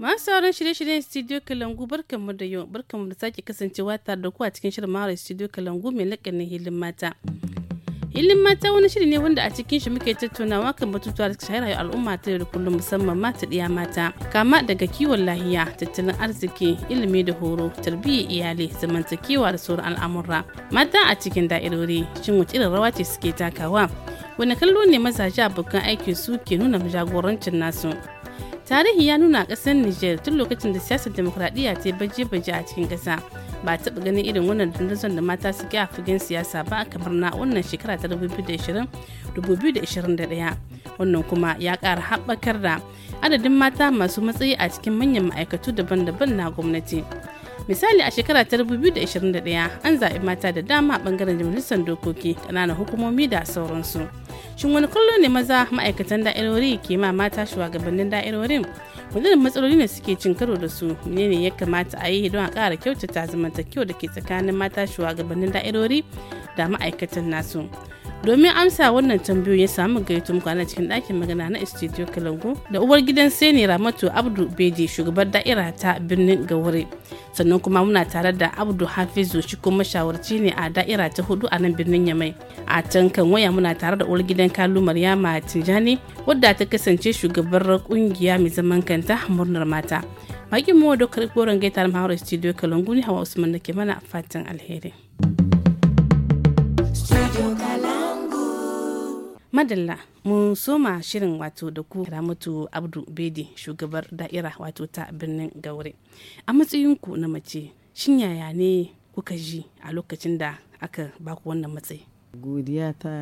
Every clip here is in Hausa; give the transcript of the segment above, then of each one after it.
masu sauran shirye-shiryen studio kalangu barkanmu da yau barkanmu da sake kasancewa tare da ku cikin shirin mara studio kalangu mai lakanin hilin mata hilin mata wani shiri ne wanda a cikin shi muke tattaunawa kan batutuwa da shahara yau al'umma ta da kullum musamman mata ɗiya mata kama daga kiwon lahiya tattalin arziki ilimi da horo tarbiyyar iyali zamantakewa da sauran al'amura mata a cikin da'irori shin wace irin rawa ce suke takawa wani kallo ne mazaje abokan aikin su ke nuna jagorancin nasu tarihi ya nuna kasar niger tun lokacin da siyasar demokradiyya ta baje-baje a cikin kasa ba taɓa ganin irin wannan dandazon da mata suke a fagen siyasa ba kamar na wannan shekara ta 2020-2021 wannan kuma ya ƙara haɓakar da adadin mata masu matsayi a cikin manyan ma'aikatu daban-daban na gwamnati misali a shekara ta 2021 an zaɓi mata da dama a ɓangaren dokoki ƙananan hukumomi da sauransu shin wani kwallo ne maza ma'aikatan da'irori ke ma mata shugabannin da'irorin wadannan matsaloli ne suke cin karo da su menene ya kamata a yi don a ƙara kyautata zamantakewa da ke tsakanin mata shugabannin da'irori da ma'aikatan nasu domin amsa wannan tambayoyi ya samu gaito muku na cikin ɗakin magana na studio kalangu da uwar gidan seni ramatu abdu beji shugabar da'ira ta birnin gawuri sannan kuma muna tare da abdu hafizu shi kuma mashawarci ne a da'ira ta hudu a nan birnin yamai a can kan waya muna tare da uwar gidan kalu maryama tijani wadda ta kasance shugabar kungiya mai zaman kanta murnar mata bakin mu da karɓoran gaita da mahawar studio kalanguni hawa usman da ke mana fatan alheri madalla mun soma shirin wato da ku ramatu abdu bedi shugabar da'ira wato ta birnin gaure a matsayinku na mace shin yaya ne kuka ji a lokacin da aka baku wannan matsayi godiya ta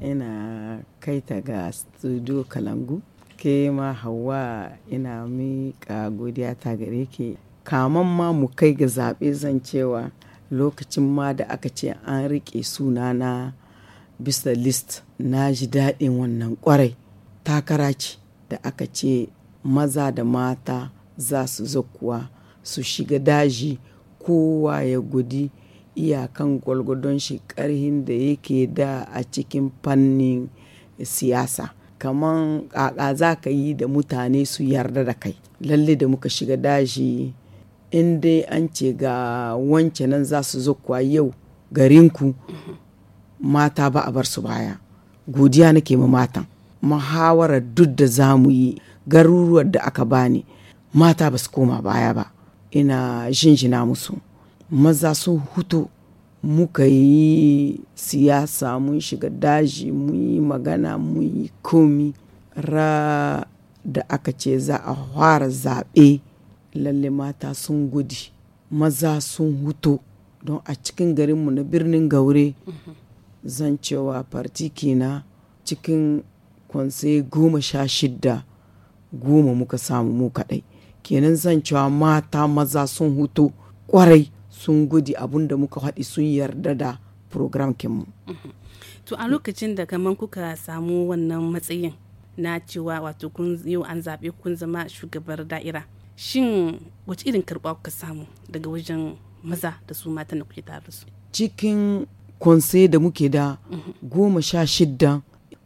ina ta ga studio kalangu ke ma hawa ina miƙa godiya ta gare ke kaman ma mu kai ga zaɓe zan cewa lokacin ma da aka ce an riƙe sunana bisa list na ji daɗin wannan kwarai takara ce da aka ce maza da mata za su zakuwa su shiga daji kowa ya gudi iyakan gwalgwadon shi karhin da yake da a cikin fannin siyasa kaman ƙaƙa za ka yi da mutane su yarda da kai lalle da muka shiga daji in dai an ce ga wance nan za su zo yau garinku mata ba a bar su baya godiya nake ma matan muhawarar duk da za mu yi garuruwar da aka bani mata ba su koma baya ba ina jinjina musu maza sun hutu muka yi siyasa mun shiga daji mun yi magana mun yi komi ra da aka ce za a fara zaɓe lalle mata sun gudi maza sun hutu don a cikin garinmu na birnin gaure mhm. zan cewa fartiki na cikin kwanse goma sha shidda goma muka samu mu kaɗai kenan zan cewa mata maza sun hutu kwarai sun gudi abun da muka haɗi sun yarda da program kinmu. Mm-hmm. to a lokacin da kamar kuka samu wannan matsayin na cewa wato kun yau an zaɓe kun zama shugabar da'ira shin wace irin karɓa kuka samu daga wajen maza da su matan da kuke tare su cikin kwanse da muke da mhm. goma sha shidda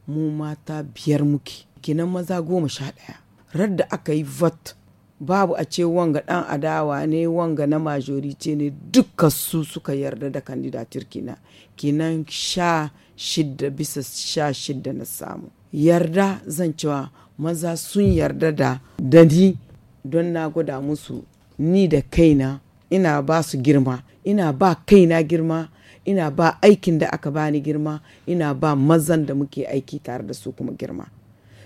mu mata biyar muke kenan maza goma sha ɗaya radda aka yi vat babu a ce wanga ɗan adawa ne wanga na majori ce ne duka su suka yarda da kandidatir kina kenan sha shidda bisa sha shidda na samu yarda zan cewa maza sun yarda da dani don na gwada musu ni da kaina ina ba su girma ina ba kaina girma ina ba aikin da aka bani girma ina ba mazan da muke aiki tare da su kuma girma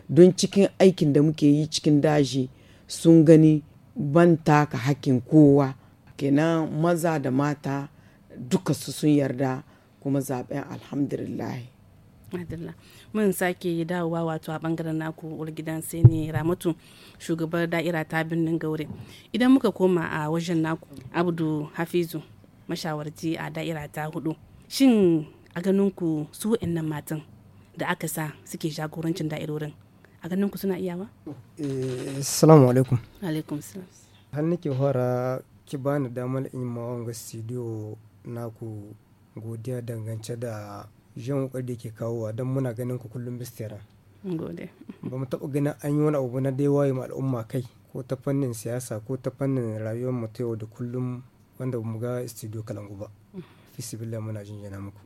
don cikin aikin da muke yi cikin daji sun gani ban taka hakkin kowa kenan maza da mata duka su sun yarda kuma zaben alhamdulillah Mun sake dawowa wato a bangaren naku gidan sai ne Ramatu shugabar da'ira ta birnin Gaure. Idan muka koma a wajen naku Abdu Hafizu mashawarci a da'ira ta hudu shin a ganin ku su nan matan da aka sa suke jagorancin da'irorin a ganin ku suna iyawa eh, assalamu alaikum alaikum salam har nake hora ki bani damar in ma wanga studio naku godiya dangance da jan wukar da ke kawowa don muna ganin ku kullum bistira gode ba mu taɓa ganin an yi wani abu na dai waye al'umma kai ko ta fannin siyasa ko ta fannin rayuwar mu ta yau da kullum wanda mu ga studio kalangu ba fisibila muna jinjina muku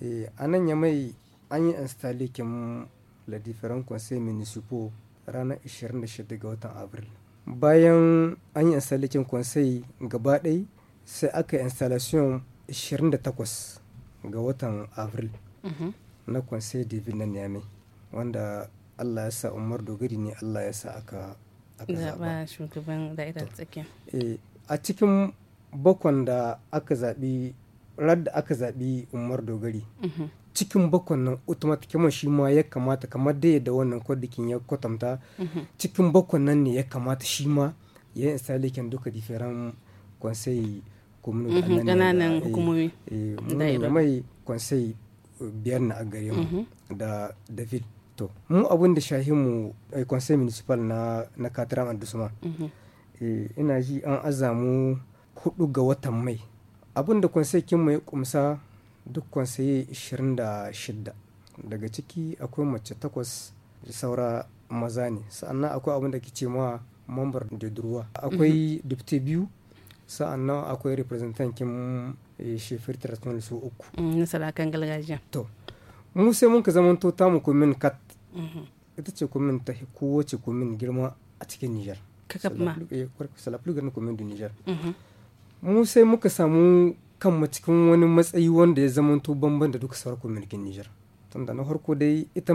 eh, a nan ya mai an yi installe kin la different conseil municipal ranar 26 ga watan abril bayan an yi installe kin conseil gaba ɗai sai aka installation 28 ga watan abril mhm. na conseil divin na niamey wanda allah ya sa umar dogari ne allah ya sa aka zaba shugaban da'irar tsakiya eh, a cikin bakon da aka zaɓi da aka zaɓi umar dogari mhm. cikin bakon nan automatiquement shi ma ya kamata kamar da yadda wannan kwadikin ya kwatanta mhm. cikin bakon nan ne ya kamata shi ma ya yi kin duka diferan kwansai communal kananan hukumomi mhm, da eh, eh, mai kwansai biyar na a gare mu da david to mu abun da shahin mu conseil eh, municipal na na katran andusuma Eh, ina ji an azamu hudu ga watan mai abin da kwansakin mai kumsa duk kwansaye 26 daga ciki akwai mace takwas da saura maza ne sa'annan akwai abin da ke ce ma mambar da durwa akwai mhm. dubte biyu sa'annan akwai representantin shefir eh, tarasman su uku mm, na sarakan galgajiya to mu sai mun ka zamanto tamu kumin kat mhm. ita ce kumin ta kowace kumin girma a cikin nijar ka ma salaflugar na kwamin nijar mhm. mu sai muka samu kanmu cikin wani matsayi wanda ya zama to bamban da duka sauran kwamin nijar tunda na farko dai ita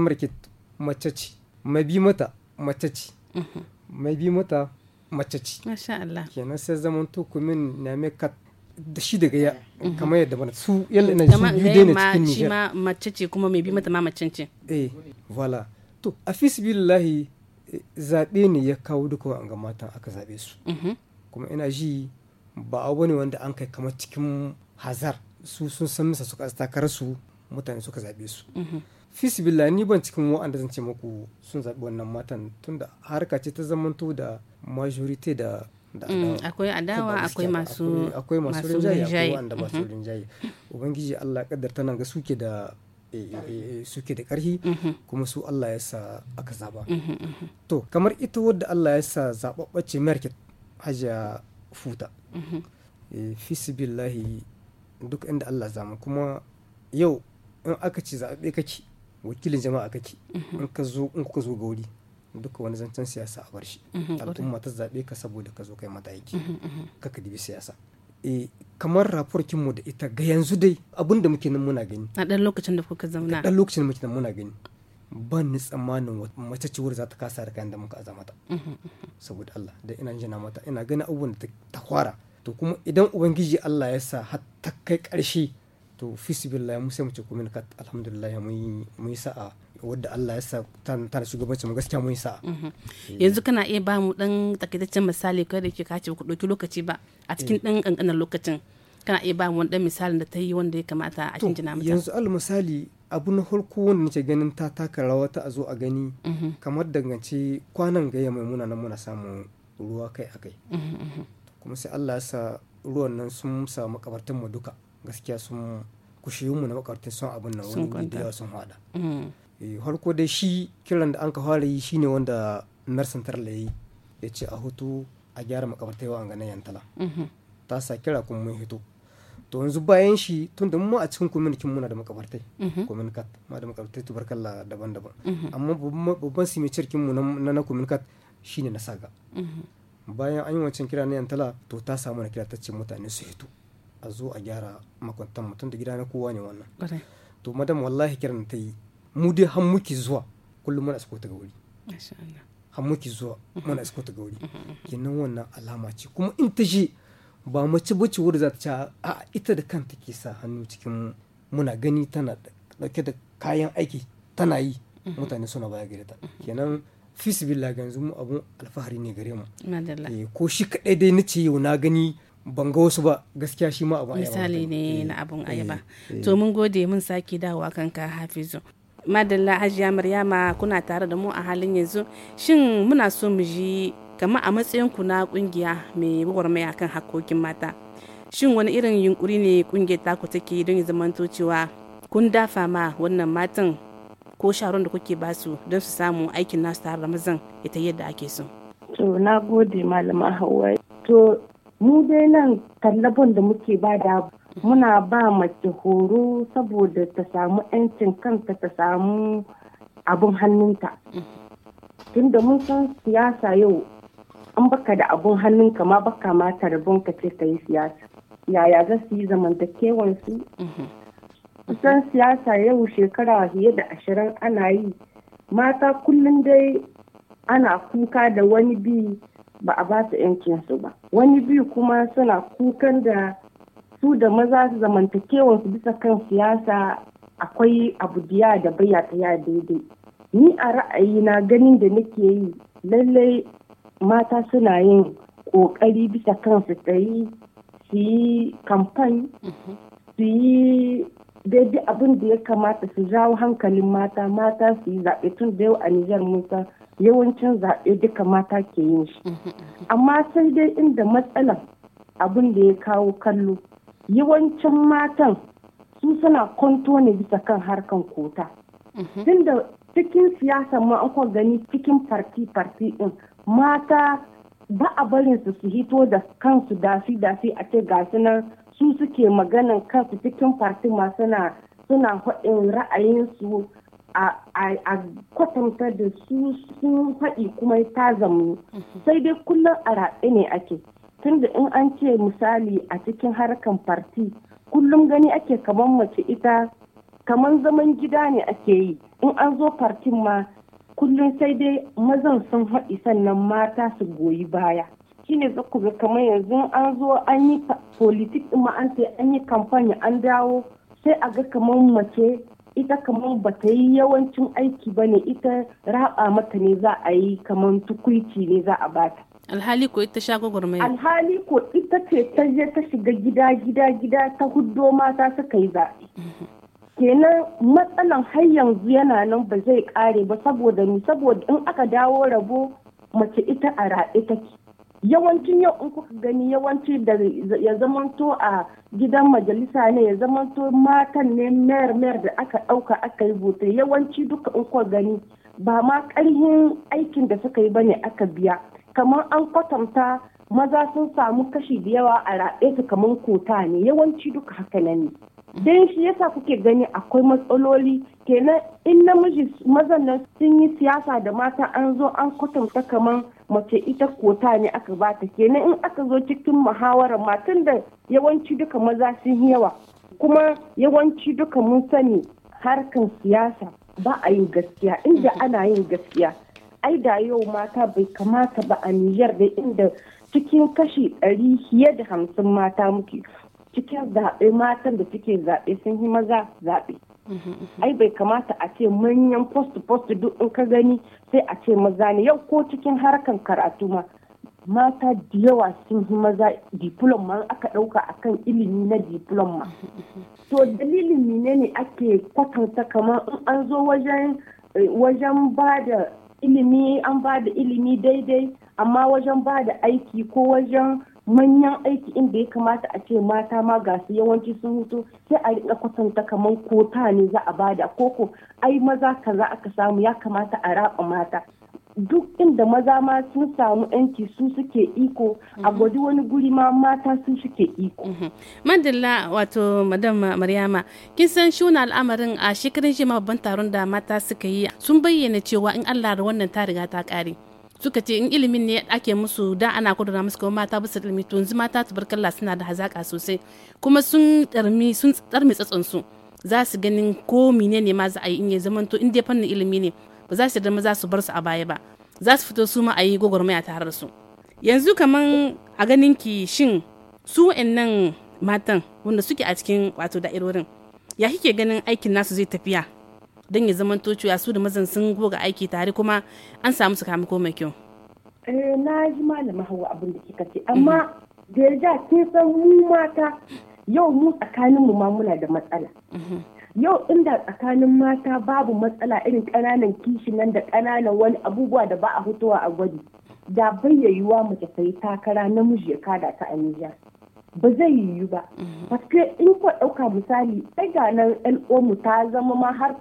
mace ce mai bi mata mace mhm. mai bi mata mace masha Allah kenan sai zama to kwamin na mai kat da shi daga ya mhm. kamar yadda bana su yalla na su biyu eh, dai ne cikin nijar ma mace ce kuma mai bi mata ma mace eh voilà to a fi zaɓe ne ya kawo duka wa'anga matan aka zaɓe su mhm. kuma ina ji ba abu ne wanda an kai kamar cikin hazar su sun san misa suka takarar su mutane suka zaɓe su mhm. fisibila ni ban cikin wa'anda zan ce muku sun zaɓi wannan matan tunda harka ce ta zamanto da majorite da mm, akwai adawa akwai masu masu rinjaye akwai wanda masu mhm. rinjaye ubangiji Allah kaddar tana ga suke da suke da ƙarfi mhm. kuma su Allah ya sa aka zaba mhm, mhm. to kamar ita wadda Allah ya sa zaɓaɓɓace market hajiya futa eh, fisibillahi duk inda Allah zama kuma yau in aka ci zaɓe kake wakilin jama'a kake in ka zo in kuka zo ga wuri duka wani zancen siyasa a bar shi al'umma ta zaɓe ka saboda ka zo kai mata aiki kaka dibi siyasa Eh, kamar raporkinmu da ita ga yanzu dai abin da muke nan muna gani a ɗan lokacin da kuka zauna a ɗan lokacin da muke nan muna gani ban ni tsammanin mace ciwar za ta kasa da kayan da muka aza mata mhm, mhm. saboda Allah da ina jina mata ina gani abubuwan da ta kwara to kuma idan ubangiji Allah ya sa har ta kai karshe to fi mu sai mu ce kumin alhamdulillah mun yi sa'a wadda Allah ya sa tana shugabanci mu gaskiya mun sa mhm. yanzu kana iya ba mu dan takaitaccen misali kai da ke kace ku dauki lokaci ba a cikin dan eh. kankanar lokacin kana iya ba mu dan misalin da ta yi wanda ya kamata a jinjina mata yanzu al misali abu na farko wanda nake ganin ta taka rawa ta a zo a gani mhm. kamar dangance kwanan gaya mai muna nan muna samun ruwa kai akai mhm, kuma sai Allah ya sa ruwan nan sun samu makabartan mu duka gaskiya sun kushiyu mu na makabartan sun abin nan wani da yawa sun hada Eh, harko dai shi kiran da an ka fara yi shine wanda mersan tarla yi ya ce a hutu a gyara makabarta yawa an ganin yantala mhm. ta sa kira kuma mun hito to yanzu bayan shi tun da mu a cikin kwaminikin muna da makabartai kwaminikat mhm. ma da makabartai tubarkalla daban-daban mhm. amma babban simicirkin mu na na shi shine na saga bayan an yi wancan kira na yantala to ta samu na kira ta ce mutane su hito a zo a gyara makwantan mutum da gida na kowa ne wannan to madam wallahi kiran ta yi mu dai har muke zuwa kullum muna suko ta ga wuri har muke zuwa muna suko ta ga wuri mm-hmm, mm-hmm. kenan wannan alama ce kuma in ta je ba mace bace wuri za ta ci a ita da kanta ke sa hannu cikin muna gani tana dauke da kayan aiki tana yi mm-hmm. mutane suna baya gare ta kenan fisbillah yanzu mu abun alfahari ne gare mu eh, ko shi kadai dai nace yau na gani ban ga wasu ba gaskiya shi ma abun ayaba. misali ne na eh, abun eh, ayaba to mun gode mun sake dawowa kanka hafizu madalla hajiya maryama kuna tare da mu a halin yanzu shin muna so mu ji kama a matsayin ku na kungiya mai mai akan hakokin mata shin wani irin yunkuri ne kungiyar taku take don ya zamanto cewa kun dafa ma wannan matan ko sharon da kuke ba su don su samu aikin nasu tare da mazan ita yadda ake so to na gode malama hawa to mu dai nan tallafin da muke bada muna ba mace horo saboda ta samu 'yancin kanta ta samu abin hannunta tunda mun san siyasa yau an baka da abin hannunka ma baka ma tarbon ka ce ka yi siyasa yaya za su yi zamantakewansu kusan mhm. siyasa yau shekara fiye da ashirin ana yi mata kullum dai ana kuka da wani bi ba a ba su 'yancinsu ba wani bi kuma suna kukan da su da maza su zamantakewa su bisa kan siyasa akwai abu diya da baya ta ya daidai ni a ra'ayi na ganin da nake yi lallai mata suna yin ƙoƙari bisa kan su tsayi su yi kamfan mhm. su yi daidai abin da ya kamata su jawo hankalin mata mata su yi zaɓe tun da yau a nijar musa yawancin zaɓe duka mata ke yin shi mhm, mhm. amma sai dai inda matsalar abin da ya kawo kallo yawancin matan su suna kwanto ne bisa kan harkan kota mhm. tunda cikin siyasa ma an kwa gani cikin farti-farti din mata ba a barin su su hito da kansu dafi-dafi a ce gasu nan su suke maganan kansu cikin farti ma suna suna haɗin ra'ayinsu a kwatanta da su sun haɗi kuma ta zamu mhm. sai dai kullum a ne ake tunda in an ce misali a cikin harkan farti kullum gani ake kaman mace ita kaman zaman gida ne ake yi in an zo fartin ma kullum sai dai mazan sun haɗi sannan mata su goyi baya shine za ku ga kamar yanzu an zo an yi politik ma an sai an yi kamfani an dawo sai a ga kamar mace ita kamar ba ta yi yawancin aiki ba ne ita raba mata ne za a yi kamar tukuici ne za a bata alhali ko ita sha gwagwarmaya alhali ko ita ce ta je ta shiga gida gida gida ta huddo mata suka yi zaɓe kenan matsalan har yanzu yana nan ba zai kare ba saboda ni saboda in aka dawo rabo mace ita a raɗe take yawancin yau in kuka gani yawanci da ya zamanto a gidan majalisa ne ya zamanto matan ne mayar mayar da aka ɗauka aka yi bote yawanci duka in kuka gani ba ma ƙarhin aikin da suka yi ba ne aka biya kamar an kwatanta maza sun samu kashi da yawa a raɓe su kamar kota ne yawanci duka haka nan ne don shi yasa kuke gani akwai matsaloli kenan in namiji mazan nan sun yi siyasa da mata an zo an kwatanta kamar mace ita kota ne aka bata kenan in aka zo cikin muhawarar matan da yawanci duka maza sun yi yawa kuma yawanci duka mun sani harkan siyasa ba a yin gaskiya inda ana yin gaskiya ai da yau mata bai kamata ba a Nijar da inda cikin kashi ɗari fiye da hamsin mata muke cikin zaɓe matan da suke zaɓe sun yi maza zaɓe. Mm-hmm. Ai bai kamata a ce manyan post-post duk in ka gani sai a ce maza ne yau ko cikin harkan karatu ma mata da yawa sun yi maza diploma aka ɗauka a kan ilimi na diploma. Mm-hmm. To dalilin ne ne ake kwatanta kamar in an zo wajen eh, wajen ba da ilimi an ba da ilimi daidai amma wajen ba da aiki ko wajen manyan aiki inda ya kamata a ce mata ma ga su yawanci sun hutu sai a rika kwatanta kamar kota ne za a bada koko ai maza kaza aka samu ya kamata a raba mata duk inda maza ma sun samu yanki su suke iko a mhm. gwaji wani guri ma mata su suke iko. Mhm. Mandela wato madam Maryama kin san shuna al'amarin a shekarun shi babban taron da mata suka yi sun bayyana cewa in Allah da wannan ta riga ta kare. suka ce in ilimin ne ake musu da ana kudura musu kuma mata bisa ilimi to yanzu mata tubarkalla suna da hazaka sosai kuma sun tsarmi sun tsarmi su za su ganin ko menene ma za a yi in ya zamanto in dai fannin ilimi ne ba za su yarda maza su bar su a baya ba za su fito su ma a yi gwagwarmaya tare da su yanzu kaman a ganin ki shin su nan matan wanda suke a cikin wato da'irorin ya kike ganin aikin nasu zai tafiya don ya zama cewa su da mazan sun goga aiki tare kuma an samu su kama mai kyau eh, na ji malama hawa abin da kika ce mhm. amma da ya ja kin san mu mata yau mu tsakanin mu ma muna da matsala mhm. yau inda tsakanin mata babu matsala irin ƙananan kishi nan da ƙananan wani abubuwa da ba a hutuwa a gwadi da bai yiwuwa mace ta yi takara namiji ya kada ta a Nijar. Ba zai yiwu ba. Mm-hmm. Paske in ko ɗauka misali Ɗaga ga nan LO ta zama ma har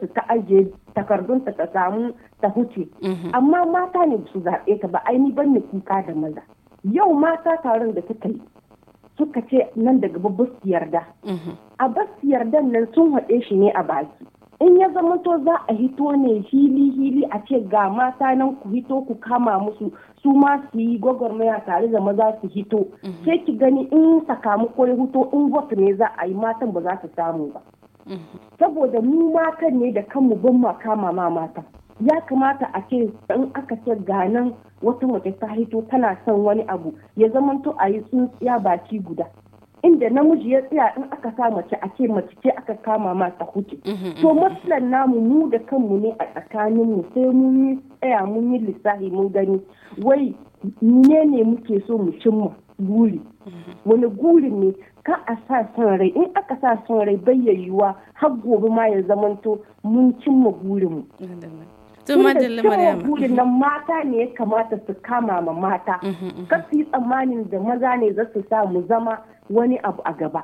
su ta ajiye takardunta ta samu ta huce. Mm-hmm. Amma mata ne su zaɓe ta ba aini ban kuka da maza. Yau mata taron da suka yi suka ce nan daga babba yarda mhm. a bas yardan nan sun haɗe shi ne a baki in ya zama to za a hito ne hili hili a ce ga mata nan ku hito ku kama musu su ma su yi gwagwarmaya tare da maza su hito mhm. sai ki gani in sakamako ya hito in wasu ne za a yi matan ba za su samu ba mhm. saboda mu matan ne da kanmu ban ma kama ma matan ya kamata a ce in aka ce ganan wata mace ta hito tana son wani abu ya zamanto a yi tsuntsiya baki guda inda namiji ya tsaya in aka sa mace a ce mace ce aka kama ma ta huce mm-hmm, mm-hmm. to matsalan namu mu da kanmu ne a tsakanin mu sai mun yi tsaya mun yi lissafi mun gani wai ne ne muke so mu cimma guri mm-hmm. wani guri ne ka a sa son rai in aka sa son rai bayyayuwa har gobe ma ya zamanto mun cimma gurinmu burin nan mata ne ya kamata su kama ma mata mm-hmm, mm-hmm. kar su yi tsammanin da maza ne za su sa mu zama wani abu a gaba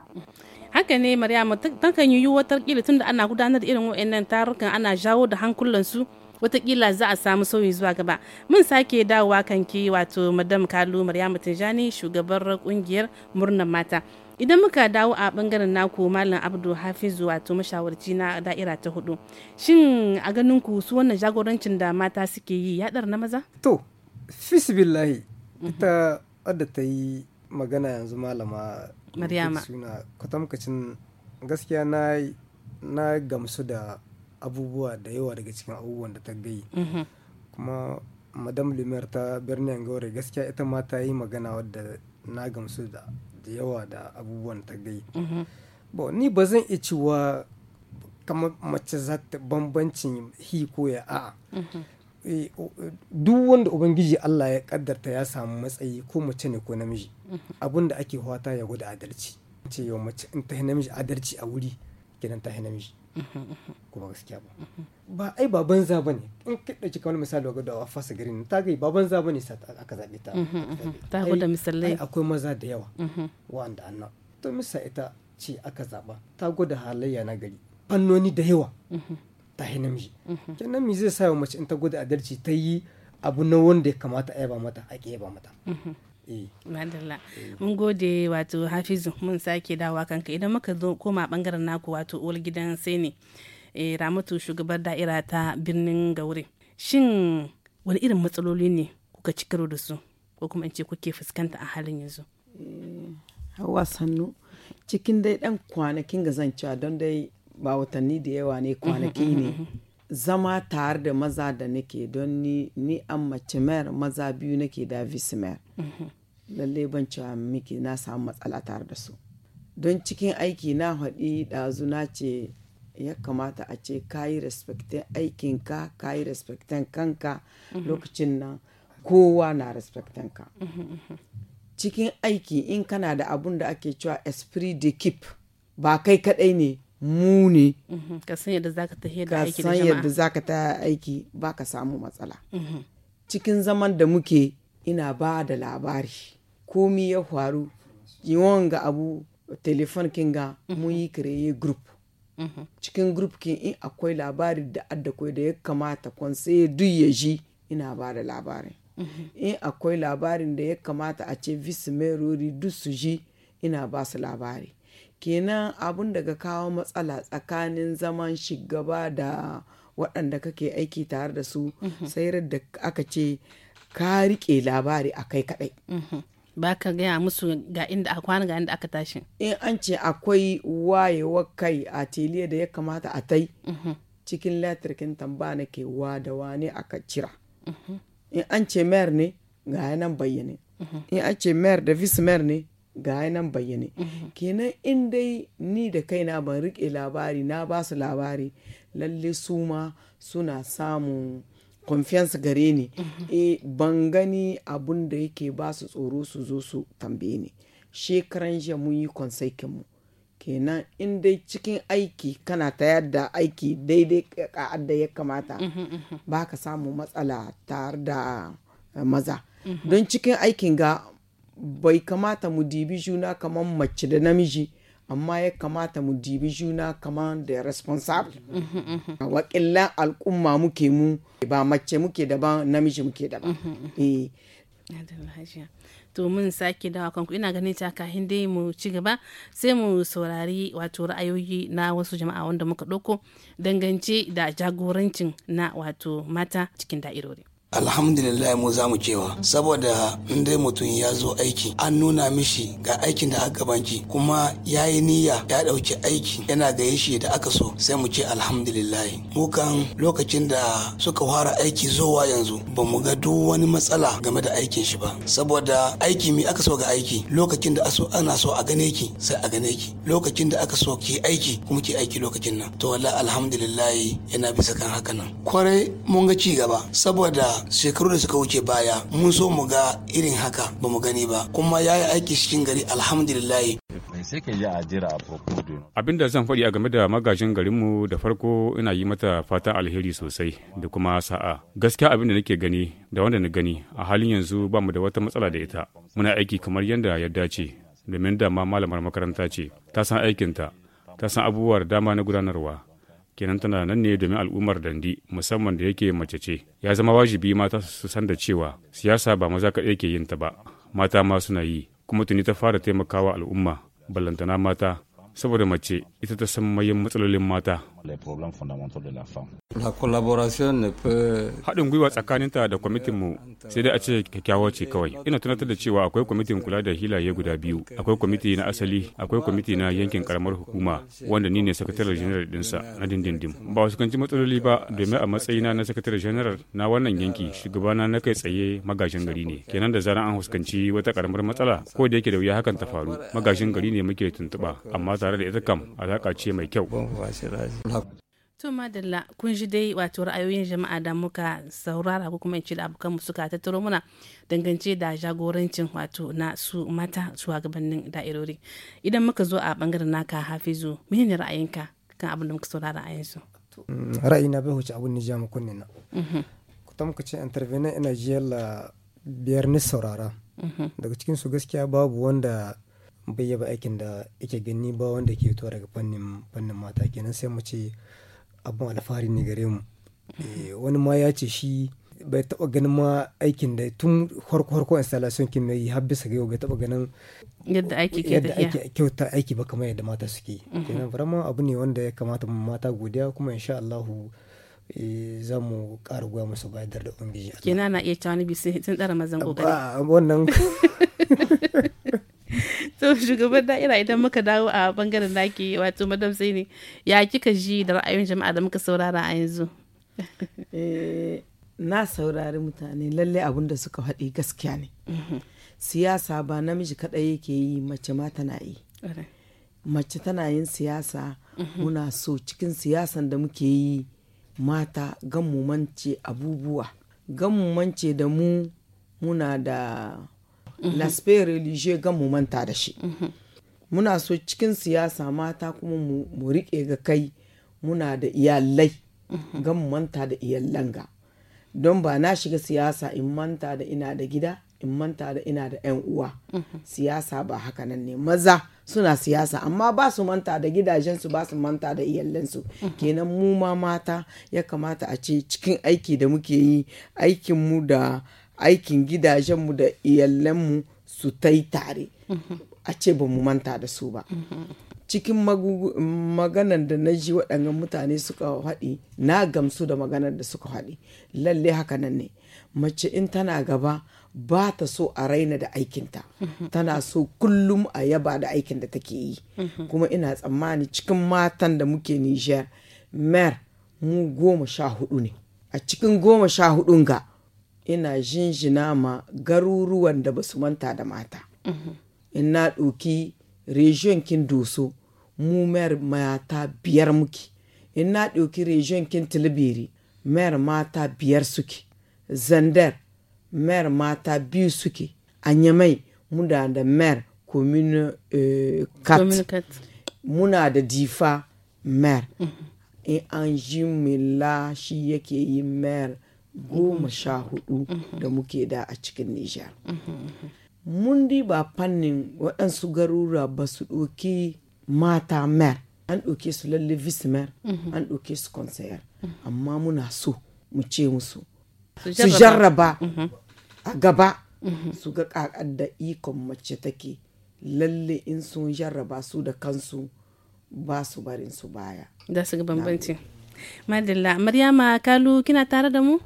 haka ne maryama takan yi wata kila tunda ana gudanar da irin wa'annan tarukan ana jawo da hankulansu watakila za a samu sauyi zuwa gaba mun sake dawowa kanki wato madam kalu maryama tijani shugabar kungiyar murnar mata idan muka dawo a bangaren naku malam abdu hafizu wato mashawarci na da'ira ta hudu shin a ganin ku su wannan jagorancin da mata suke yi ya na maza to fisbillahi ita wadda ta yi magana yanzu malama maryama suna cin gaskiya na gamsu da abubuwa da yawa daga cikin abubuwan da ta gai mhm. kuma madam lumer ta birnin gaure gaskiya ita ma ta yi magana wadda na gamsu da da yawa da abubuwan ta gai mm-hmm. Ba ni ba zan iya cewa kamar mace za ta bambancin hi ko ya a mm-hmm. eh, duk wanda ubangiji Allah ya kaddarta ya samu matsayi ko mace ne ko namiji mm-hmm. abin da ake hwata ya gwada adalci ce yau mace in ta namiji adalci a wuri gidan ta namiji kuma gaskiya ba ba ai ba banza bane in ka dauki kamar misali ga dawa fasa garin ta gai ba banza bane sa aka zabe ta mhm, mhm, mhm. ta da misalai akwai maza da yawa wanda anna to misa ita ce aka zaɓa ta gwada halayya na gari fannoni da yawa ta yi namiji kyan namiji zai sa mace in ta gwada adalci ta yi abu na wanda ya kamata a yaba mata a yaba mata Eh. Eh. mun gode wato hafizu mun sake dawa kanka idan muka zo koma bangaren naku wato uwar gidan sai ne eh, ramatu shugabar da'ira ta birnin gauri. shin wani irin matsaloli ne kuka ci karo da su ko kuma in ce kuke fuskanta a halin yanzu hawa sannu cikin dai dan kwanakin ga zancewa don dai ba watanni da yawa ne kwanaki ne zama tare da maza da nake don ni ni an mace mayar maza biyu nake da vice mayar mhm. lalle ban cewa miki na samu matsala tare da su don cikin aiki na haɗi ɗazu na ce ya kamata a ce ka yi respectin aikinka ka yi respectin kanka mhm. lokacin nan kowa na respectin ka mhm, cikin aiki in kana da abun da ake cewa esprit de kip ba kai kaɗai ne yadda za mhm. ka san yadda za ka ta aiki ba ka samu matsala mhm. cikin zaman da muke ina ba da labari komi ya faru yawan ga abu telefon kin ga mhm. mun yi kireye group cikin group kin in akwai labari da adda da ya kamata sai duk ya ji ina ba da labari in akwai labarin da ya kamata a ce vice rori duk su ji ina ba su labari kenan abun daga kawo matsala tsakanin zaman shigaba da waɗanda kake aiki tare da su mhm. sai da aka ce ka riƙe labari a kai kaɗai mhm. ba ka gaya musu ga inda a kwana ga inda aka tashi in an ce akwai wayewa kai a tiliya da ya kamata a tai mhm. cikin latirkin tamba na ke wa da wane aka cira in an ce mayar ne ga yanan bayyane in an ce mayar da vice ne ga nan bayyane mhm. kenan in dai ni da kaina ban rike labari na ba su labari lalle su ma suna samun confiance gare ni e ban gani abun da yake ba su tsoro su zo su tambaye ni shekaran jiya mun yi mu kenan in dai cikin aiki kana ta yadda aiki daidai ka ya kamata mhm, ba ka samu matsala tare da eh, maza don cikin aikin ga bai kamata mu dibi juna kamar mace da namiji amma ya kamata mu dibi juna kamar da responsable mm-hmm, mm-hmm. wakilla al'umma muke mu ba mace muke daban namiji muke daban mm-hmm, eh. to mun sake dawa kanku ina ganin ta kahin dai mu ci gaba sai mu saurari wato ra'ayoyi na wasu jama'a wanda muka ɗauko dangance da jagorancin na wato mata cikin da'irori. alhamdulillah mu za mu cewa saboda in dai mutum ya zo aiki an nuna mishi ga aikin da aka banci kuma ya yi niyya ya ɗauki aiki yana ga shi da aka so sai mu ce alhamdulillah mu kan lokacin da suka fara aiki zowa yanzu ba mu ga duk wani matsala game da aikin shi ba saboda aiki mi aka so ga aiki lokacin da ana so a gane ki sai a gane ki lokacin da aka so ki aiki kuma ki aiki lokacin nan to wallahi alhamdulillah yana bisa kan haka nan kwarai mun ga ci gaba saboda shekaru da suka wuce baya mun so mu ga irin haka ba mu gani ba kuma ya yi aiki cikin gari alhamdulillahi abin da zan faɗi a game da magajin garinmu da farko ina yi mata fatan alheri sosai da kuma sa'a gaskiya abin da nake gani da wanda na gani a halin yanzu ba mu da wata matsala da ita muna aiki kamar yadda ya dace domin dama malamar makaranta ce ta san aikinta ta san abubuwar dama na gudanarwa kenan tana nan ne domin al'ummar dandi musamman da yake mace ce ya zama wajibi mata su san da cewa siyasa ba maza kaɗai ke yin ta ba mata ma suna yi kuma tuni ta fara taimakawa al'umma ballantana mata saboda mace ita ta san mayan matsalolin mata les problèmes fondamentaux de la femme. La collaboration ne peut haɗin gwiwa tsakaninta da kwamitin mu sai dai a ce kyakkyawa ce kawai. Ina tunatar da cewa akwai kwamitin kula da hilaye guda biyu, akwai kwamiti na asali, akwai kwamiti na yankin karamar hukuma wanda ni ne sakataren janar dinsa na dindindim. Ba su kanci matsaloli ba domin a matsayina na sakataren general na wannan yanki shugabana na kai tsaye magajin gari ne. Kenan da zaran an fuskanci wata karamar matsala ko da yake da wuya hakan ta faru magajin gari ne muke tuntuɓa amma tare da ita kam alaƙa ce mai kyau. haka. to madalla kun ji dai wato ra'ayoyin jama'a da muka saurara ko kuma in ce da abokan mu suka tattaro muna dangance da jagorancin wato na su mata shugabannin da'irori idan muka zo a bangaren naka hafizu menene ra'ayinka kan abin da muka saurara a yanzu Ra'ayi na bai wuce abun ni ja kunni kunne na mhm. kutam muka ce intervenant ina jiyar biyar ni saurara mhm. daga cikin su gaskiya babu wanda bayyaba ba aikin da yake gani ba wanda ke fitowa daga fannin mata kenan sai mu ce abin alfahari ne gare mu eh, wani ma ya ce shi bai taba ganin ma aikin da tun harko harko installation kin mai har bisa ga bai taba ganin yadda aiki ke yadda aiki kyauta aiki ba kamar yadda mata suke mhm. kenan vraiment abu ne wanda ya kamata mu mata godiya kuma insha Allah eh, za mu ƙara goya musu bayar da ubangiji kenan na iya cewa ni bisa sun tsara mazan kokari wannan to shugaban da'ira idan muka dawo a bangaren naki wato madam sai ne ya kika ji da ra'ayin jama'a da muka saurara a yanzu eh, na saurari mutane lalle abin da suka faɗi gaskiya ne mhm. siyasa ba namiji kaɗai yake yi mace ma tana yi mace tana yin siyasa mhm. muna so cikin siyasan da muke yi mata gan mance abubuwa gan mance da mu muna da Mhm. laspe religieux ga mu manta da shi mhm. muna so cikin siyasa mata kuma mu riƙe ga kai muna da iyalai mhm. ga mu manta da iyalan ga don ba na shiga siyasa in manta da ina da gida in manta da ina da 'yan uwa siyasa ba haka nan ne maza suna siyasa amma ba su manta da gidajensu ba su manta da iyalansu kenan mu ma mata ya kamata a ce cikin aiki da muke yi aikin mu da aikin gidajenmu da iyalanmu su ta yi tare a ce ba mu manta da su ba cikin maganar da na ji waɗannan mutane suka haɗi na gamsu da maganar da suka haɗi lalle hakanan ne mace in tana gaba ba ta so a raina da aikinta tana so kullum a yaba da aikin da take yi kuma ina tsammani cikin matan da muke nijar mer mu goma sha hudu ne a cikin goma sha hudun ga ina jinjina ma garuruwan da basu su manta da mata mhm. in na ɗoki region kin doso mu mayar mata biyar muke in na ɗauki region kin tilbiri mayar mata biyar suke zandar mayar mata biyu suke anyamai muna da mayar communicat eh, muna da difa mayar mhm. in an ji mila shi yake yi mayar goma sha hudu mhm. da muke da a cikin Nijar. Mhm, mhm. Mun ba fannin waɗansu garura ba su ɗoki mata mer, an ɗoke su lalle mer, an ɗoke su konsayar, amma muna so mu ce musu. Su jarraba a gaba su ga ƙaƙar da ikon mace take lalle in sun jarraba su da kansu ba su barin su baya. Da su bambanci. Madalla, Maryama Kalu kina tare da mu?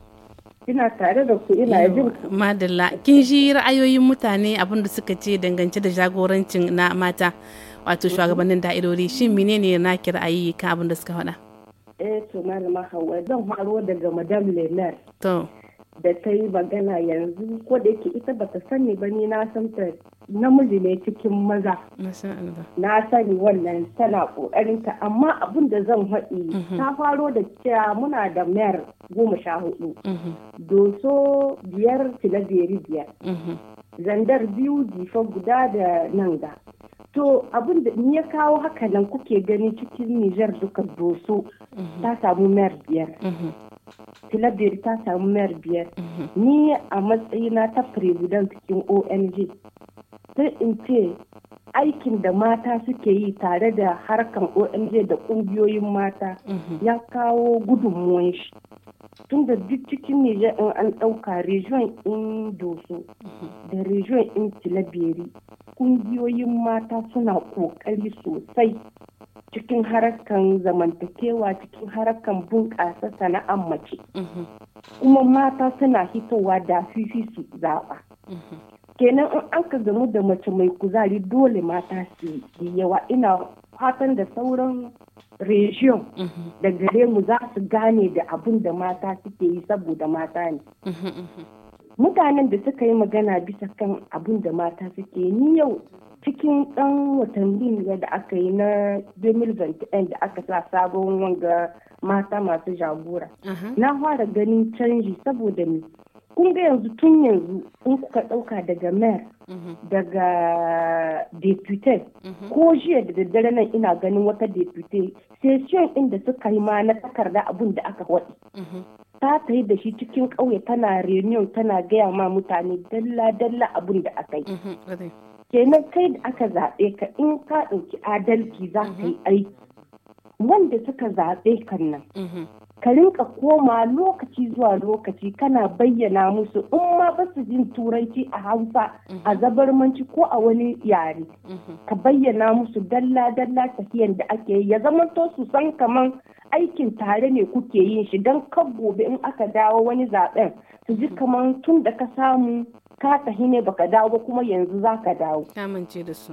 ina tare da ku ina jin ku madalla kin ji ra'ayoyin mutane abinda suka ce dangance da jagorancin na mata wato mhm. shugabannin da'irori shin menene na kira ra'ayi kan abin da suka faɗa eh to malama hawa zan faro daga madam lenar to da ta yi magana yanzu ko da yake ita bata sani ba ni na san ta namiji ne cikin maza na sani wannan tana ta amma abin da zan haɗi mhm. ta faro da cewa muna da mayar goma sha hudu mhm. doso biyar tilaberi biyar mhm. zandar biyu jifa guda da nan ga to abin da ni ya kawo haka nan kuke gani cikin nijar duka doso ta samu mayar biyar filabiyar ta samu mayar biyar ni a matsayina ta president cikin ong sai in ce aikin da mata suke yi tare da harkan ONG da ƙungiyoyin mata mhm. ya kawo gudunmuwan shi. Tun da duk cikin Nijar in an ɗauka region in Doso mhm. da region in Tilaberi ƙungiyoyin mata suna ƙoƙari sosai cikin harkan zamantakewa cikin harkan bunƙasa sana'an mace. Mhm. Kuma mata suna hitowa da fifi su zaɓa. kenan in an ka gamu da mace mai kuzari dole mata su yi yawa ina fatan da sauran region mm-hmm. da gare mu za su gane da abin da mata suke yi saboda mata ne mm-hmm, mm-hmm. mutanen da suka yi magana bisa kan abin da mata suke ni yau cikin dan watanni da aka yi na 2021 da aka sa sabon wanga mata masu jagora uh-huh. na fara ganin canji saboda kun ga yanzu tun yanzu in kuka ɗauka daga mayor mhm. daga deputy mhm. ko jiya da daddare nan ina ganin wata deputy session inda suka yi ma na takarda abun da aka waɗi mhm. ta ta yi da shi cikin ƙauye tana reunion tana gaya ma mutane dalla-dalla abun da aka yi kenan kai da aka zaɓe ka in ka ɗauki adalci za ka yi aiki wanda suka zaɓe kan nan ka rinka koma lokaci zuwa lokaci kana bayyana musu in ma ba su jin turanci a hausa mhm. a zabarmanci ko a wani yare mhm. ka bayyana musu dalla dalla tafiyan da ake yi ya zama to su san kaman aikin tare ne kuke yin shi don kan gobe in aka dawo wani zaben su ji mhm. kaman tun da ka samu ka tahi ne baka dawo kuma yanzu za ka dawo. Kamance da su.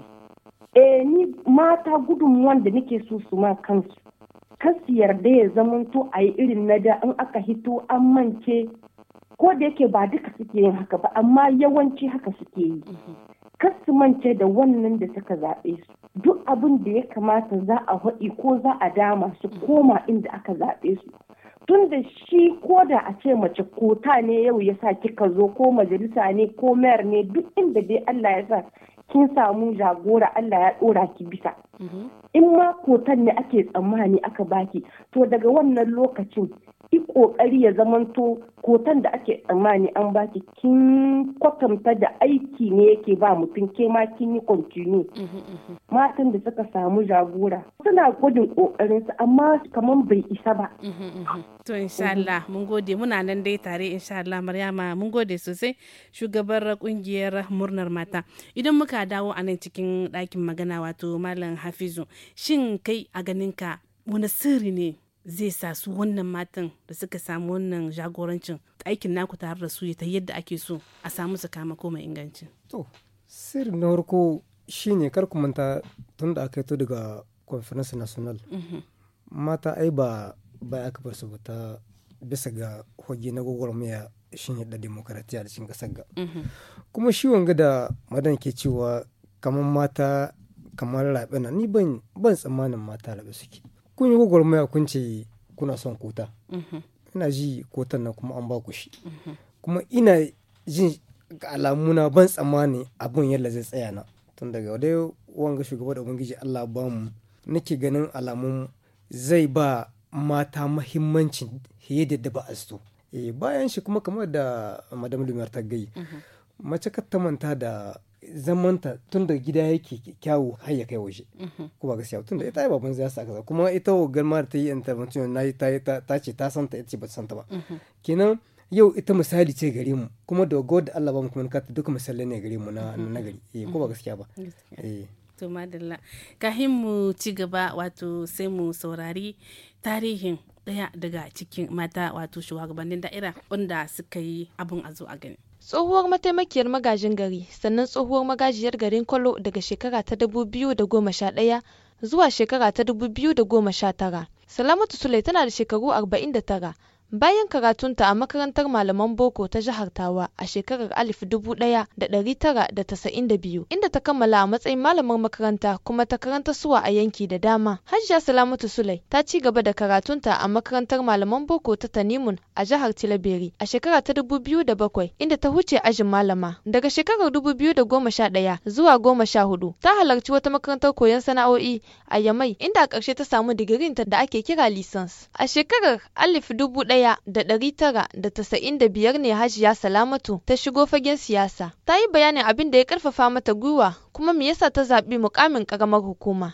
Eh ni mata gudunmuwan da nake so su ma kansu. kasu yarda ya zamanto a yi irin na da in aka hito an mance ko da yake ba duka suke yin haka ba amma yawanci haka suke yi kasu mance da wannan da suka zaɓe su duk abin da ya kamata za a haɗi ko za a dama su koma inda aka zaɓe su tun da shi ko da a ce mace kota ne yau ya sa kika zo ko majalisa ne ko mayar ne duk inda dai Allah ya sa kin samu jagora Allah ya ɗora ki bisa in ma kotan ne ake tsammani aka baki to daga wannan lokacin ki kokari ya zamanto kotan da ake tsammani an baki kin kwatanta da aiki ne yake ba mutum ke ma kin yi continue matan da suka samu jagora suna gudun kokarin su amma kaman bai isa ba to insha Allah mun gode muna nan dai tare insha Allah Maryama mun gode sosai shugabar kungiyar murnar mata idan muka dawo a nan cikin ɗakin magana wato Malam Hafizu shin kai a ganin ka wani sirri ne zai sa su wannan matan da suka samu wannan jagorancin aikin naku tare da su ta yadda ake so a samu su kama mai inganci. To, sirri na farko shi ne kar kumanta manta tun da aka yi to daga conference national. Mhm. Mata ai ba ba aka bar su ta bisa ga hoge na gwagwarmaya shi ne da demokaratiya da cikin kasar ga. Mhm. Kuma shi wanga da madan ke cewa kamar mata kamar raɓe na ni ban tsammanin mata raɓe suke. kun yi maya kun ce kuna son kota mhm. ina ji kotan nan kuma an ba ku shi mhm. kuma ina jin alamuna ban tsammani abin yadda zai tsaya na tun daga wadai wanga shugaba da ubangiji Allah ba mu nake ganin alamun zai ba mata mahimmancin fiye da da ba a so eh, bayan shi kuma kamar da madam lumiyar ta gai mhm. mace ka ta manta da zamanta tun da gida yake kyawu har ya kai waje mm-hmm. kuma gaskiya tun da ita ai baban zai saka kuma ita wogar ma ta yi intervention na ta ta ce ta santa ita ce ba ta santa ba mm-hmm. kenan yau ita misali ce gare mu kuma da god Allah ba mu kuma kata duka misali ne gare mu na mm-hmm. gari eh ba gaskiya ba eh to madalla kahin mu ci gaba wato sai mu saurari tarihin daya daga cikin mata wato shugabannin da'ira wanda suka yi abun a zo a gani tsohuwar mataimakiyar magajin gari sannan tsohuwar magajiyar garin kwallo daga shekara ta ɗaya zuwa shekara ta tara salamatu sule tana da shekaru arba'in da tara. Bayan karatunta a makarantar malaman boko ta jihar Tawa a shekarar alif da tara biyu. inda ta kammala a matsayin malamar makaranta kuma ta karanta suwa a yanki da dama. Hajiya Salamatu Sulai ta ci gaba da karatunta a makarantar malaman boko ta Tanimun a jihar Tilaberi a shekara ta 2007 inda ta huce ajin malama. Daga shekarar sha 2011 zuwa goma sha hudu. ta halarci wata makarantar koyon sana'o'i a Yamai inda a ƙarshe ta samu digirinta da ake kira lisans. A shekarar alif 1000 ɗaya da ɗari tara da tasa'in da biyar ne Hajiya Salamatu ta shigo fagen siyasa. Ta yi bayanin abin da ya ƙarfafa mata gwiwa kuma me yasa ta zaɓi mukamin ƙaramar hukuma?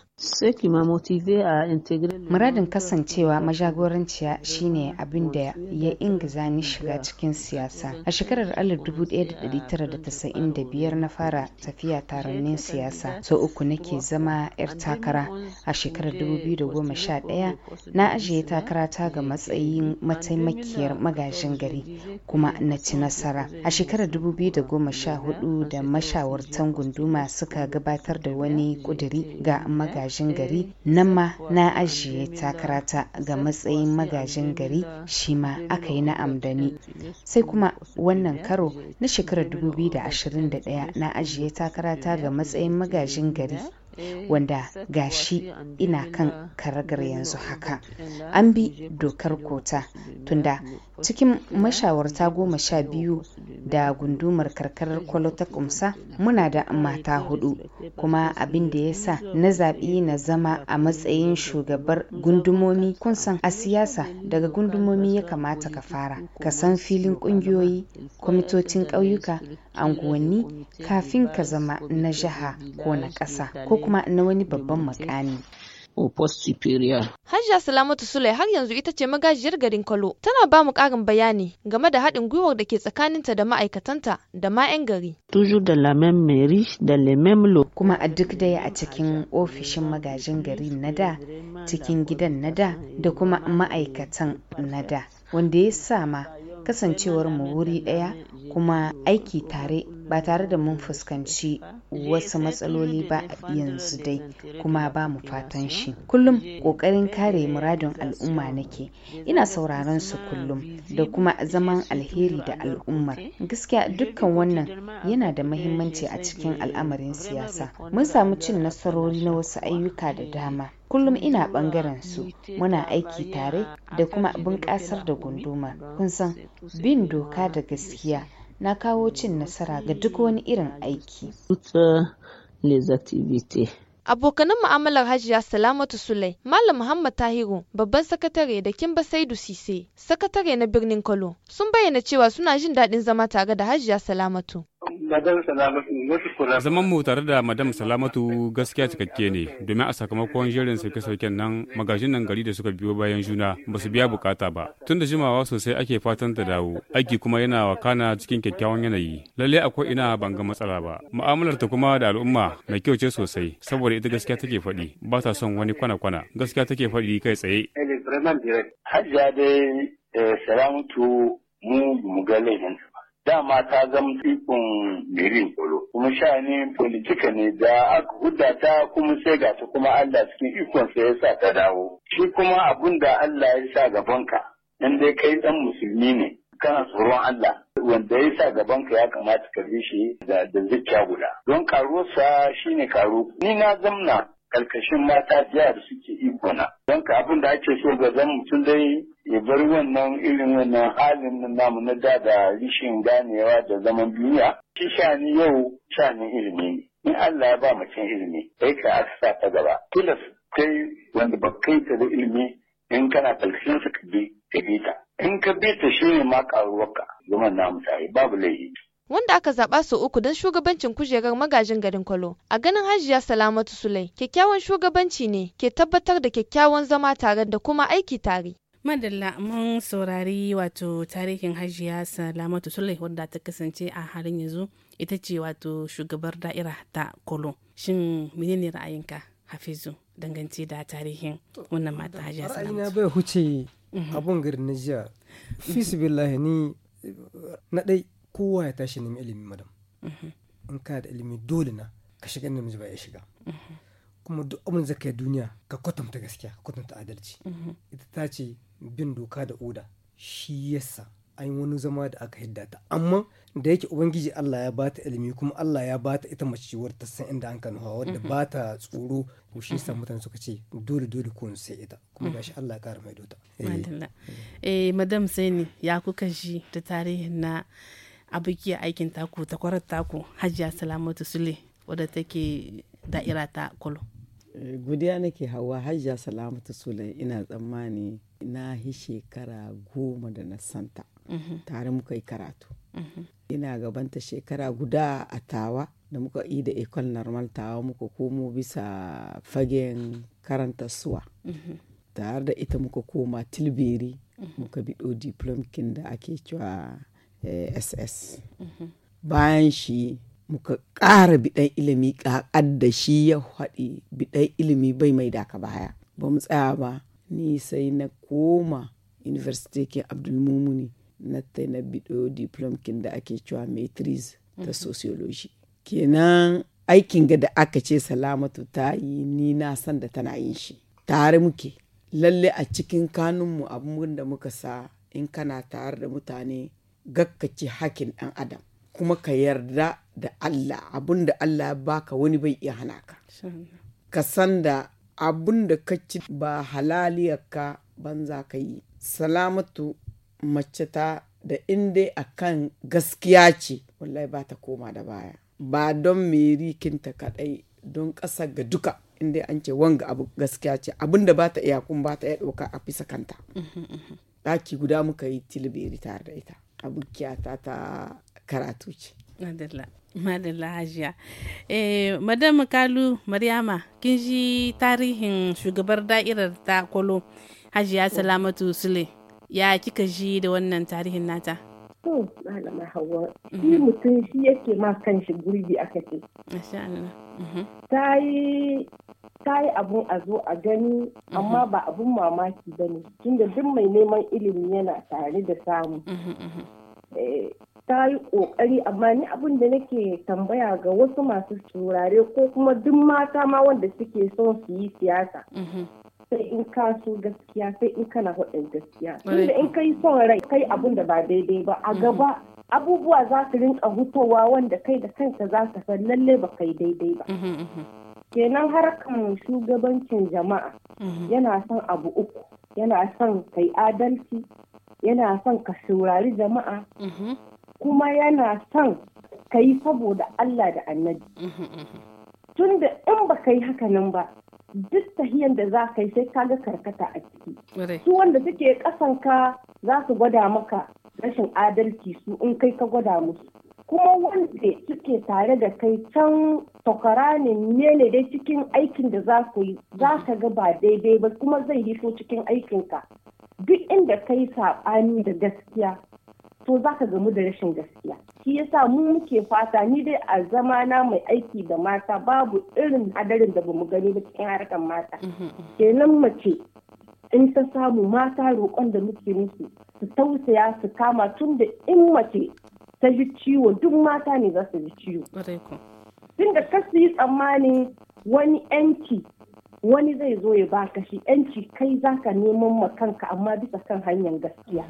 Muradin kasancewa majagoranciya shine abin da ya inga zani shiga cikin siyasa. A shekarar 1995 na fara tafiya taronin siyasa, sau uku nake zama 'yar takara. A shekarar 2011 na ajiye takara ta ga matsayin mataimakiyar magajin gari kuma na ci nasara. A shekarar 2014 da mashawartan gunduma suka suka gabatar da wani kuduri ga magajin gari nan ma na ajiye takarata ga matsayin magajin gari shi ma aka yi na amdani sai kuma wannan karo na shekarar 2021 na ajiye takarata ga matsayin magajin gari wanda ga shi ina kan karagar yanzu haka an bi dokar kota tunda cikin mashawarta goma sha biyu da gundumar karkarar kwalo ta kumsa muna da mata hudu kuma abin da ya sa na zaɓi na zama a matsayin shugabar gundumomi kun san a siyasa daga gundumomi ya kamata ka fara ka san filin ƙungiyoyi kwamitocin ƙauyuka anguwanni kafin ka zama na jiha ko na ƙasa ko kuma na wani babban makami. Opus oh, Salamatu Sule har yanzu ita ce magajiyar garin Kalo, Tana ba mu ƙarin bayani game da haɗin gwiwar da ke tsakaninta da ma'aikatanta da ma 'yan gari. Tuju da la même da le même Kuma a duk daya a cikin ofishin magajin garin na da, cikin gidan na da, da kuma ma'aikatan na da. Wanda ya sa ma kasancewar mu wuri ɗaya kuma aiki tare ba tare da mun fuskanci wasu matsaloli ba a yanzu dai kuma ba mu fatan shi kullum ƙoƙarin kare muradin al'umma nake ina sauraron su kullum da kuma zaman alheri da al'ummar gaskiya dukkan wannan yana da mahimmanci a cikin al'amarin siyasa mun samu cin nasarori na wasu ayyuka da dama kullum ina bangaren su muna aiki tare da kuma bunƙasar da gunduma kun san bin doka da gaskiya na kawo cin nasara ga duk wani irin aiki. Abokanan mu'amalar Hajiya Salamatu Sulai, Malam Muhammad Tahiru, babban sakatare da Kimba Saidu Sise, sakatare na birnin kalo sun bayyana cewa suna jin daɗin zama tare da Hajiya Salamatu. Zaman mu tare da Madam Salamatu gaskiya cikakke ne domin a sakamakon jerin sauke-sauken nan magajin nan gari da suka biyo bayan juna ba su biya bukata ba. Tun da jimawa sosai ake fatan ta dawo, aiki kuma yana wakana cikin kyakkyawan yanayi. Lalle akwai ina ban ga matsala ba. Mu'amalar ta kuma da al'umma mai kyau ce sosai saboda ita gaskiya take faɗi ba ta son wani kwana-kwana gaskiya take faɗi kai tsaye. Hajja eh, Salamatu mu mu ga dama ta zama ikon birin kolo kuma sha ne politika ne da aka hudda ta kuma sai ga ta kuma Allah cikin ikon sa yasa ta dawo shi kuma abun da Allah ya sa gabanka in dai kai dan musulmi ne kana tsoron Allah wanda ya sa gabanka ya kamata ka bi shi da zuciya guda don karuwarsa shine karu. ni na zamna karkashin mata jiya da suke ikona. Don ka abin da ake so ga zan mutum dai ya bar wannan irin wannan halin na namu na da da rishin ganewa da zaman duniya. Shi shani yau shani ilimi ne. In Allah ya ba mutum ilimi, kai ka aka sa ta gaba. Tilas kai wanda ba kai ta da ilimi in kana karkashin sa ka bi ta. In ka bi ta shi ne ma karuwarka zaman namu tare babu laifi. wanda aka zaɓa sau uku don shugabancin kujerar magajin garin Kwalo. A ganin Hajiya Salamatu Sulai, kyakkyawan shugabanci ne ke tabbatar da kyakkyawan zama tare da kuma aiki tare. madalla mun saurari wato tarihin hajiya salamatu sulai wadda ta kasance a halin yanzu ita ce wato shugabar da'ira ta kolo shin menene ra'ayinka hafizu dangance da tarihin wannan mata hajiya salamatu ra'ayina bai huce mhm. abun garin na jiya fisibillahi ni na dai kowa ya tashi nemi ilimi madam mhm. in kana da ilimi dole na ka shiga inda namiji ba ya shiga mhm. kuma duk abin zaka yi duniya ka kwatanta gaskiya ka kwatanta adalci mhm. ita ta ce bin doka da oda shi yasa an yi wani zama da aka hidda ta amma da yake ubangiji Allah ya bata ilimi kuma Allah ya bata ita mace ta san inda an kanuwa wadda ba ta tsoro ko shi sa mutane suka ce dole dole ko sai ita kuma gashi Allah ya kara mai dota eh. eh, madam sai ya kuka shi da tarihin na abokiyar aikin taku ta kwarar taku hajiya salamatu sule wadda take da'ira ta kolo eh, gudiya nake hawa hajiya salamatu sule ina tsammani na hi shekara goma da na santa mhm. tare muka yi karatu mhm. ina gabanta shekara guda a tawa da muka yi da ikon normal tawa muka komo bisa fagen karanta suwa mhm. tare da ita muka koma tilberi muka biɗo diplom kin da ake cewa ss bayan shi muka ƙara biɗan ilimi ƙaƙar da shi ya haɗi biɗan ilimi bai mai daka baya ba mu tsaya ba ni sai na koma university ke mumuni na ta na biɗo diplom da ake cewa maitris ta mhm. sociology kenan aikin ga da aka ce salamatu ta yi ni na san da tana yin shi tare muke lalle a cikin kanunmu abin da muka sa in kana tare da mutane gakkaci hakin ɗan adam kuma ka yarda da Allah abin da Allah ya baka wani bai iya hana ka ka san da abun da ka ci ba halaliyarka za ka yi salamatu mace ta da inda a kan gaskiya ce wallahi ba ta koma da baya ba don kinta kaɗai don ƙasa ga duka inda an ce wanga abu gaskiya ce abin da ba ta iya kun ba ta iya ɗauka a bisa kanta ɗaki guda muka yi tilbiri tare da ita abokiyata ta karatu ce madalla madalla hajiya eh madam kalu maryama kin ji tarihin shugabar da'irar ta kwalo hajiya salamatu sule ya kika ji da wannan tarihin nata to malama hawa mhm. shi mutum shi yake ma kan shi gurbi aka ce mhm. ta yi ta yi abun a zo a gani mhm. amma ba abun mamaki ba ne tunda duk mai neman ilimi yana tare da samu mhm, mhm. eh, ta yi kokari amma ni abin da nake tambaya ga wasu masu turare ko kuma duk mata ma wanda suke son su yi siyasa sai in ka so gaskiya sai in kana hudun gaskiya tunda in kai son rai kai abun da ba daidai ba a gaba abubuwa za su rinka hutowa wanda kai da kanka za ka san lalle ba kai daidai ba kenan harkan shugabancin jama'a mhm. yana son abu uku yana son kai adalci yana son ka saurari jama'a mhm. kuma yana son ka yi saboda Allah da annabi mhm, tunda in ba ka yi hakanan ba duk tahiyan da za ka yi sai kaga karkata a ciki su wanda suke kasanka za su gwada maka rashin adalci su in kai ka gwada musu kuma wanda suke tare da kai can takwaranin ne ne dai cikin aikin da za ku yi za ka ga ba daidai ba kuma zai yi so cikin aikinka duk inda ka yi saɓani da gaskiya to za ka gamu da rashin gaskiya shi yasa mu muke fata ni dai a zama na mai aiki da mata babu irin hadarin da bamu gani ba cikin harkar mata kenan mace in ta samu mata roƙon da muke musu su tausaya su kama tun da in mace ta ji ciwo duk mata ne za su ji ciwo tun da kasu yi tsammanin wani yanci wani zai zo ya baka shi yanci kai za ka neman ma kanka amma bisa kan hanyar gaskiya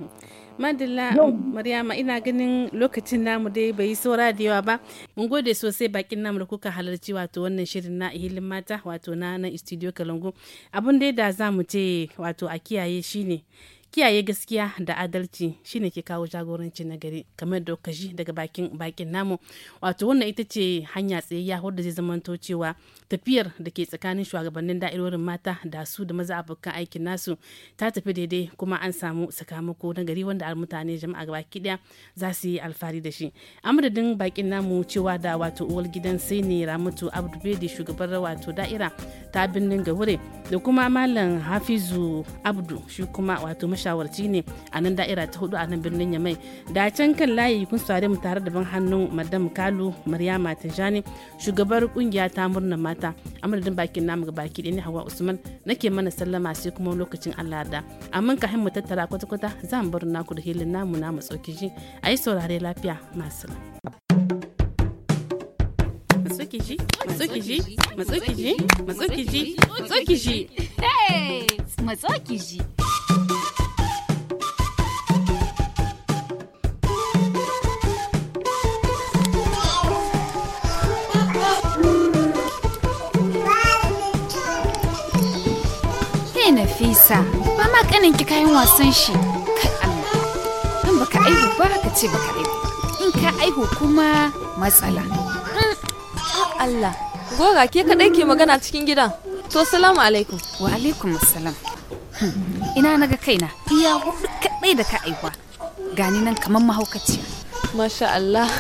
madalla maryama ina ganin lokacin namu dai bai yi saura da yawa ba mun gode sosai bakin namu da kuka halarci wato wannan shirin na ihilin mata wato na nan studio kalangu abun dai da za mu ce wato a kiyaye shine kiyaye gaskiya da adalci shine ke kawo jagoranci na gari kamar da ji daga bakin bakin namu wato wannan ita ce hanya tsayayya wadda zai zamanto cewa tafiyar da ke tsakanin shugabannin da'irorin mata da su da maza abokan aikin nasu ta tafi daidai kuma an samu sakamako na gari wanda mutane jama'a gabaki daya za su yi alfahari da shi amadadin bakin namu cewa da wato uwar gidan sai ne ramatu abdu bedi shugaban wato da'ira ta birnin gawure da kuma malam hafizu abdu shi kuma wato shawarci ne a nan da'ira ta hudu a nan birnin yamai da can kan layi kun sare mu tare da ban hannun madam kalu maryama tijani shugabar kungiya ta murnar mata a bakin namu ga baki ne hawa usman nake mana sallama sai kuma lokacin allah da amma mu tattara kwata-kwata za mu bar naku da hilin namu na mu ji a yi saurare lafiya masu Matsokiji, matsokiji, matsokiji, matsokiji, matsokiji, ne Nafisa, ba ma ki kayan wasan shi. Kai in baka aihu ba ka ce baka aihu. In ka aihu kuma matsala. Ah, Allah, gora ke kaɗai ke magana cikin gidan. To, salamu alaikum. Wa alaikum salam. Ina na ga kaina, iya hudu kaɗai da ka aihuwa. Gani nan kamar mahaukaciya. Masha Allah.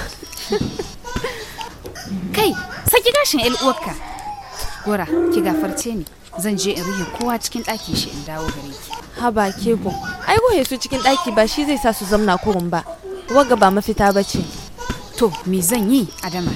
Kai, saki gashin 'yan uwarka. Gora, ki gafarce ni. zan je in rihe kowa cikin ɗaki shi in dawo gare ki haba ke ko ai goye su cikin ɗaki ba shi zai sa su zamna kurun ba waga ba mafita ba ce to me zan yi adama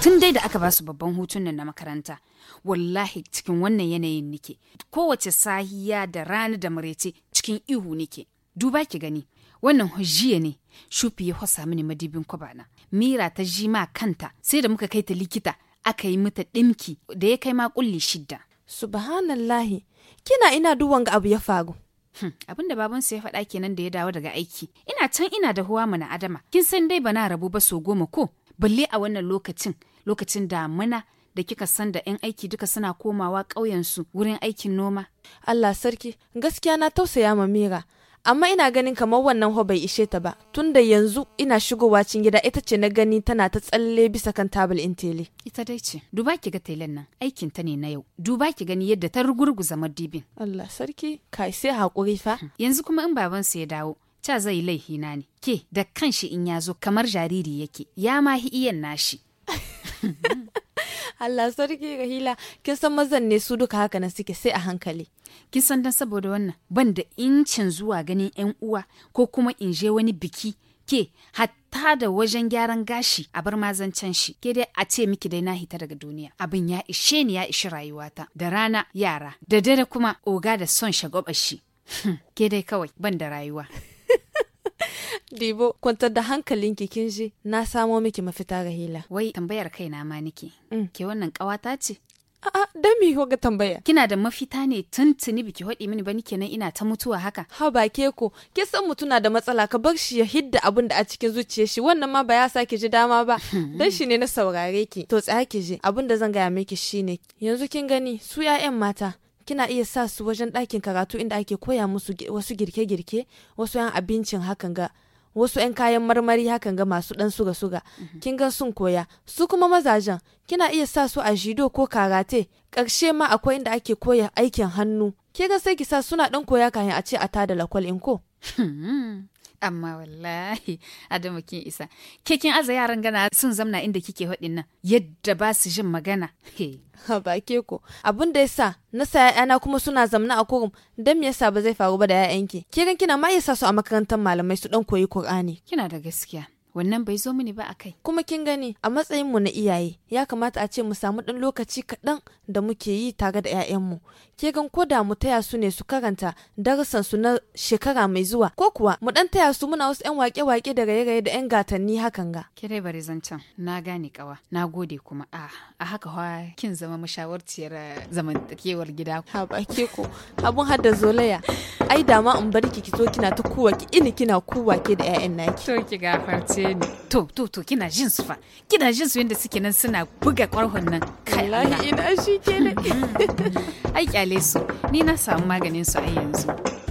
tun dai da aka ba su babban hutun nan na makaranta wallahi cikin wannan yanayin nike kowace sahiya da rana da murece cikin ihu nike duba ki gani wannan hujiya ne shufi ya hwasa mini madibin kwabana mira ta ji ma kanta sai da muka kai ta likita aka yi mata ɗimki da ya kai ma kulli shidda Subhanallahi, kina ina duwan ga abu ya faru. Hmm, abin da babansu ya faɗa kenan da ya dawo daga aiki. Ina can ina da huwa mana Adama. Kin san dai bana rabu ba so goma ko? Balle a wannan lokacin, lokacin damuna da kika san da 'yan aiki duka suna komawa ƙauyensu wurin aikin noma. Allah sarki, gaskiya na tausaya ma Mira, amma ina ganin kamar wannan ho bai ishe ta ba tunda yanzu ina shigowa cin gida ita ce na gani tana ta tsalle bisa kan tabul in tele ita dai ce duba ki ga telen nan aikin ta ne na yau duba ki gani yadda ta rugurguza madibin Allah sarki kai sai hakuri fa hmm. yanzu kuma in baban sa ya dawo ca zai laihi na ne ke da kanshi in ya zo kamar jariri yake ya ma hi iyan nashi Allah sarki rahila kin san mazan ne su duka haka na suke sai a hankali kin san dan saboda wannan ban da incin zuwa ganin yan uwa ko kuma in je wani biki ke hatta da wajen gyaran gashi a bar mazancan shi ke dai a ce miki dai na hita daga duniya abin ya ishe ni ya ishi rayuwata da rana yara da dare kuma oga da son shagwabar shi ke dai kawai ban da rayuwa Dibo, kwantar da hankalinki kin je, na samo miki mafita ga hila. Wai tambayar na ma nike. Mm. Ke wannan kawata ce? A'a, don me ga tambaya? Kina da mafita ne tun tuntuni biki hodi mini ba kenan ina ta mutuwa haka. Ha ba ke ko, ke san mutuna da matsala ka bar shi ya hidda abin da a cikin zuciyar shi wannan ma ba ya sa ki ji dama ba. dan shi ne na saurare ki. To tsaya ki je, abin da zan gaya miki shine. Yanzu kin gani su 'ya'yan mata kina iya sa su wajen ɗakin karatu inda ake koya musu wasu girke-girke, wasu 'yan abincin hakan ga. wasu 'yan kayan marmari hakan ga masu dan suga-suga mhm. kin ga sun koya su kuma mazajen kina iya sa su a jido ko karate ƙarshe ma akwai inda ake koya aikin hannu ke ga sai ki sa suna ɗan koya kayan a ce a tada lakwal in ko hmm. amma wallahi adamu kin isa ke kin aza yaran gana sun zamna inda kike haɗin nan yadda ba su jin magana ha ba ke ko abin da yasa na saya yana kuma suna zamna a kurum dan me yasa ba zai faru ba da 'ya'yanki ke kina ma sa su a makarantar malamai su dan koyi kur'ani. kina da gaskiya wannan bai zo mini ba a kai kuma kin gani a matsayin mu na iyaye ya kamata a ce mu samu ɗan lokaci kaɗan da muke yi tare da 'ya'yanmu ke gan ko da mu taya su ne su karanta darasan su na shekara mai zuwa ko kuwa mu ɗan taya su muna wasu 'yan wake-wake da raye-raye da 'yan gatanni hakan ga kirai bari zancen na gane kawa na gode kuma a a haka hawa kin zama mashawarciyar eh, zamantakewar gida ha ba ke ko abun hada zolaya ai dama in bar ki ki zo kina ta kuwa ki ini kina kuwa ke da 'ya'yan naki to ki gafarce to to to kina jin su fa kina jin su yadda suke nan suna buga kwarhon nan wallahi ina shi kenan mm-hmm. ai kyale su ni na samu maganin su a yanzu